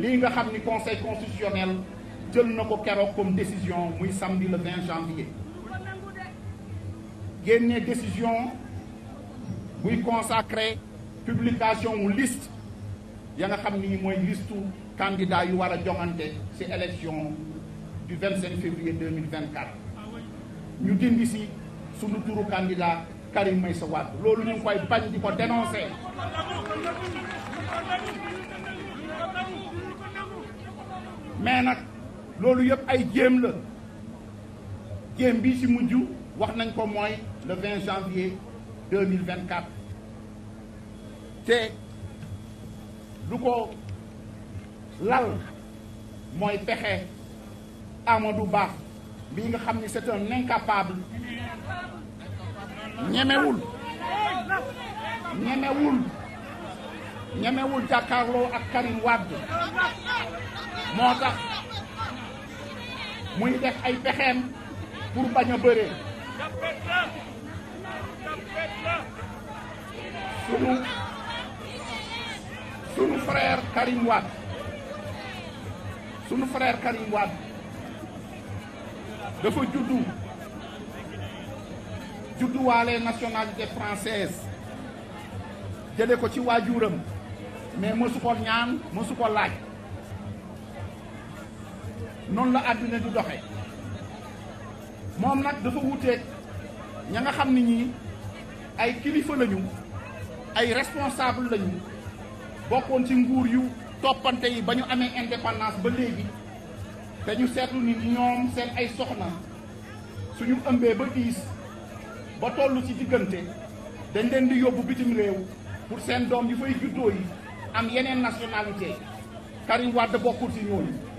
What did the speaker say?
lii nga xam ni conseil constitutionnel jël na ko keroog comme décision muy samedi le 20 janvier génne décision buy consacré publication wu list ya nga xam ni mooy listu candidat yu war a joŋante ci élection du 25 février 2024 ñu dindi si sunu turu candidat Karim Meïssa Wade loolu ñu ngi koy bañ di ko dénoncer. mais nag loolu yëpp ay jéem la jéem bi ci mujj wax nañ ko mooy le 20 janvier 2024 te lu ko lal mooy pexe Amadou Ba bi nga xam ni c'est nen incapable ñemewul ñemewul ñemewul jàkkaarloo ak Karim Wade moo tax muy def ay pexeem pour bañ a bëree sunu sunu frère Karim sunu frère Karim Wade dafa juddu judduwaale nationalité française jële ko ci waajuram mais mësu ñaan mësu ko laaj noonu la àdduna du doxe moom nag dafa wuteeg ña nga xam ni ñii ay kilifa lañu ay responsable lañu bokkoon ci nguur yu toppante yi ba ñu amee indépendance ba léegi dañu seetlu ni ñoom seen ay soxna suñu ëmbee ba diis ba toll ci diggante dañ leen di yóbbu bitim réew pour seen doom yu fay juddoo yi am yeneen nationalité Karim Wade bokkul ci ñooñu